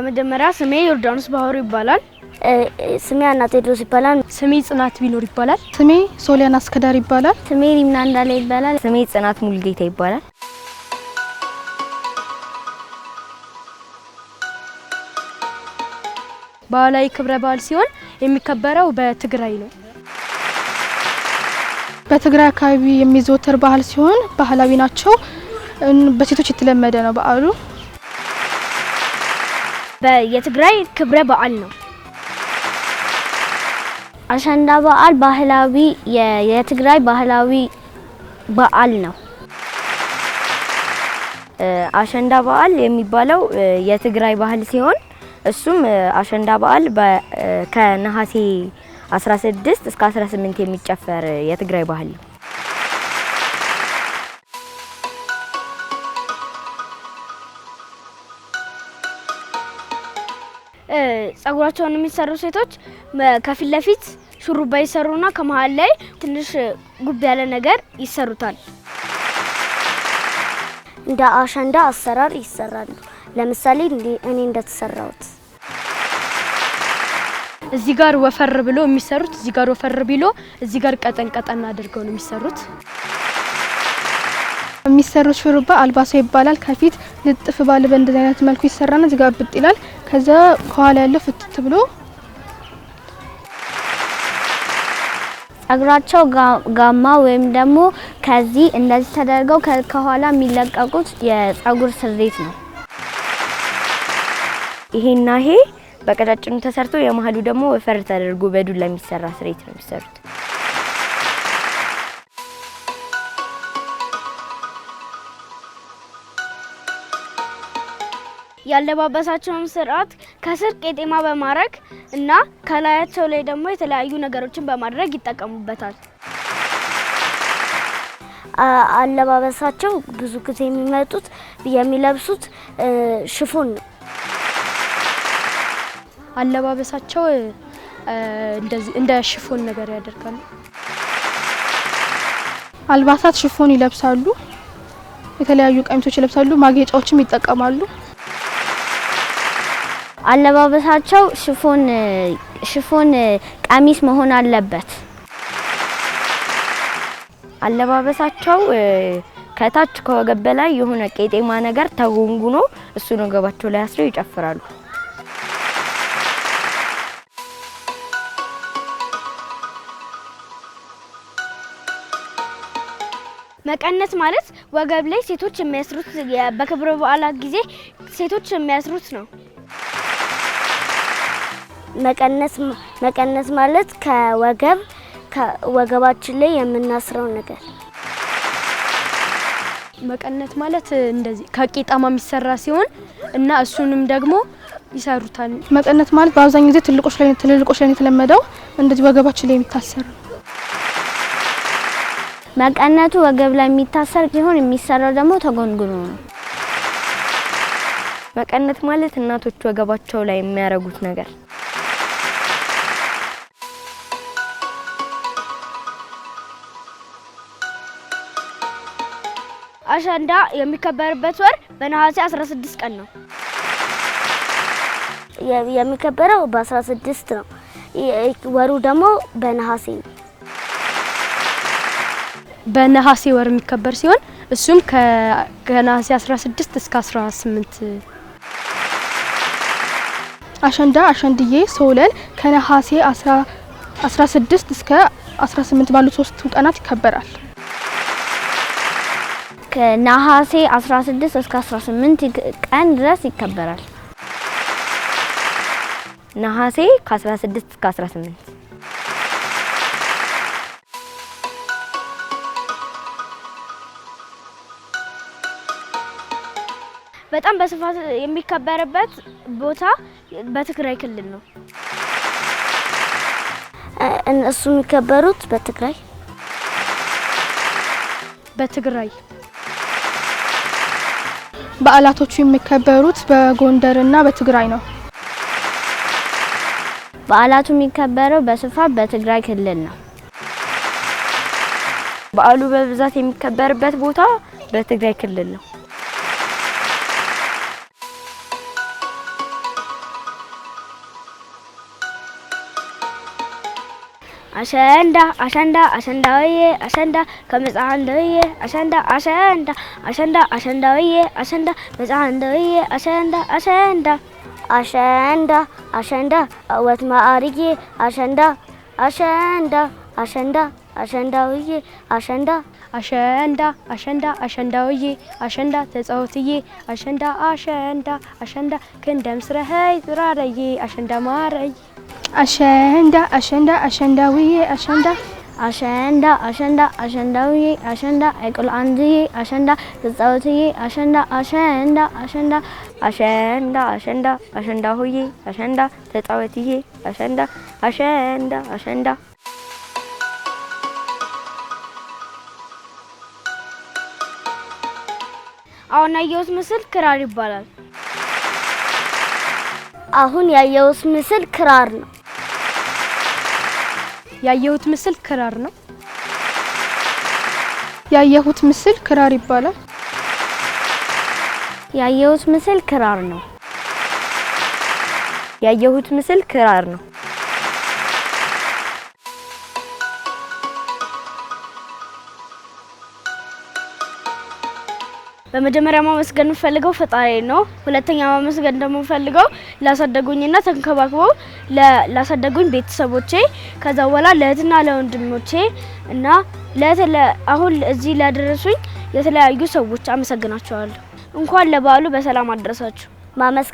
በመጀመሪያ ስሜ ዮርዳኖስ ባህሩ ይባላል። ስሜ አና ቴድሮስ ይባላል። ስሜ ጽናት ቢኖር ይባላል። ስሜ ሶሊያና አስከዳር ይባላል። ስሜ ሪምና እንዳለ ይባላል። ስሜ ጽናት ሙልጌታ ይባላል። ባህላዊ ክብረ በዓል ሲሆን የሚከበረው በትግራይ ነው። በትግራይ አካባቢ የሚዘወተር ባህል ሲሆን ባህላዊ ናቸው። በሴቶች የተለመደ ነው በዓሉ። የትግራይ ክብረ በዓል ነው። አሸንዳ በዓል ባህላዊ የትግራይ ባህላዊ በዓል ነው። አሸንዳ በዓል የሚባለው የትግራይ ባህል ሲሆን እሱም አሸንዳ በዓል ከነሐሴ 16 እስከ 18 የሚጨፈር የትግራይ ባህል ነው። ጸጉራቸውን የሚሰሩ ሴቶች ከፊት ለፊት ሹሩባ ይሰሩና ከመሀል ላይ ትንሽ ጉብ ያለ ነገር ይሰሩታል። እንደ አሸንዳ አሰራር ይሰራሉ። ለምሳሌ እኔ እንደተሰራሁት እዚህ ጋር ወፈር ብሎ የሚሰሩት እዚህ ጋር ወፈር ብሎ እዚህ ጋር ቀጠን ቀጠን አድርገው ነው የሚሰሩት። የሚሰሩት ሹሩባ አልባሶ ይባላል። ከፊት ልጥፍ ባለ በእንደዚህ አይነት መልኩ ይሰራና እዚህ ጋር ብጥ ይላል። ከዛ ከኋላ ያለው ፍትት ብሎ ጸጉራቸው ጋማ ወይም ደግሞ ከዚህ እንደዚህ ተደርገው ከኋላ የሚለቀቁት የጸጉር ስሬት ነው። ይሄና ይሄ በቀጫጭኑ ተሰርቶ የመሀሉ ደግሞ ወፈር ተደርጎ በዱላ የሚሰራ ስሬት ነው የሚሰሩት። ያለባበሳቸውን ስርዓት ከስር ቄጤማ በማድረግ እና ከላያቸው ላይ ደግሞ የተለያዩ ነገሮችን በማድረግ ይጠቀሙበታል። አለባበሳቸው ብዙ ጊዜ የሚመጡት የሚለብሱት ሽፎን ነው። አለባበሳቸው እንደ ሽፎን ነገር ያደርጋሉ። አልባሳት ሽፎን ይለብሳሉ። የተለያዩ ቀሚሶች ይለብሳሉ። ማጌጫዎችም ይጠቀማሉ። አለባበሳቸው ሽፎን ሽፎን ቀሚስ መሆን አለበት። አለባበሳቸው ከታች ከወገብ በላይ የሆነ ቄጤማ ነገር ተጎንጉኖ እሱን ወገባቸው ላይ አስረው ይጨፍራሉ። መቀነት ማለት ወገብ ላይ ሴቶች የሚያስሩት በክብረ በዓላት ጊዜ ሴቶች የሚያስሩት ነው። መቀነስ መቀነስ ማለት ከወገብ ከወገባችን ላይ የምናስረው ነገር መቀነት ማለት እንደዚህ ከቄጣማ የሚሰራ ሲሆን እና እሱንም ደግሞ ይሰሩታል። መቀነት ማለት በአብዛኛው ጊዜ ትልቆች ላይ ትልልቆች ላይ የተለመደው እንደዚህ ወገባችን ላይ የሚታሰር መቀነቱ ወገብ ላይ የሚታሰር ሲሆን የሚሰራው ደግሞ ተጎንጉኖ ነው። መቀነት ማለት እናቶች ወገባቸው ላይ የሚያረጉት ነገር አሸንዳ የሚከበርበት ወር በነሐሴ 16 ቀን ነው። የሚከበረው በ16 ነው። ወሩ ደግሞ በነሐሴ ነው። በነሐሴ ወር የሚከበር ሲሆን እሱም ከነሐሴ 16 እስከ 18 አሸንዳ አሸንድዬ ሶለል ከነሐሴ 16 እስከ 18 ባሉት ሶስቱ ቀናት ይከበራል። ከነሐሴ 16 እስከ 18 ቀን ድረስ ይከበራል። ነሐሴ ከ16 እስከ 18 በጣም በስፋት የሚከበርበት ቦታ በትግራይ ክልል ነው። እነሱ የሚከበሩት በትግራይ በትግራይ በዓላቶቹ የሚከበሩት በጎንደርና በትግራይ ነው። በዓላቱ የሚከበረው በስፋት በትግራይ ክልል ነው። በዓሉ በብዛት የሚከበርበት ቦታ በትግራይ ክልል ነው። አሸንዳ አሸንዳ አሸንዳዬ አሸንዳ ከመጽሐፍ እንደውዬ አሸንዳ አሸንዳ አሸንዳ አሸንዳዬ አሸንዳ መጽሐፍ እንደውዬ አሸንዳ አሸንዳ አሸንዳ አሸንዳ አወት ማአሪጌ አሸንዳ አሸንዳ አሸንዳ አሸንዳውዬ አሸንዳ አሸንዳ አሸንዳ አሸንዳውዬ አሸንዳ ተጻወትዬ አሸንዳ አሸንዳ አሸንዳ ክንደም ስረኸይ ጽራረዬ አሸንዳ ማረይ አሸንዳ አሸንዳ አሸንዳውዬ አሸንዳ አሸንዳ አሸንዳ አሸንዳውዬ አሸንዳ አይቁል አንድዬ አሸንዳ ገጻውትዬ አሸንዳ አሸንዳ አሸንዳ አሸንዳ አሸንዳ አሸንዳሁዬ አሸንዳ ተጫወትዬ አሸንዳ አሸንዳ አሸንዳ አሁን ያየሁት ምስል ክራር ይባላል። አሁን ያየሁት ምስል ክራር ነው። ያየሁት ምስል ክራር ነው። ያየሁት ምስል ክራር ይባላል። ያየሁት ምስል ክራር ነው። ያየሁት ምስል ክራር ነው። በመጀመሪያ ማመስገን የምፈልገው ፈጣሪ ነው። ሁለተኛ ማመስገን ደግሞ ፈልገው ላሳደጉኝና ተንከባክበው ላሳደጉኝ ቤተሰቦቼ፣ ከዛ በኋላ ለእህትና ለወንድሞቼ እና አሁን እዚህ ላደረሱኝ የተለያዩ ሰዎች አመሰግናቸዋለሁ። እንኳን ለበዓሉ በሰላም አደረሳችሁ።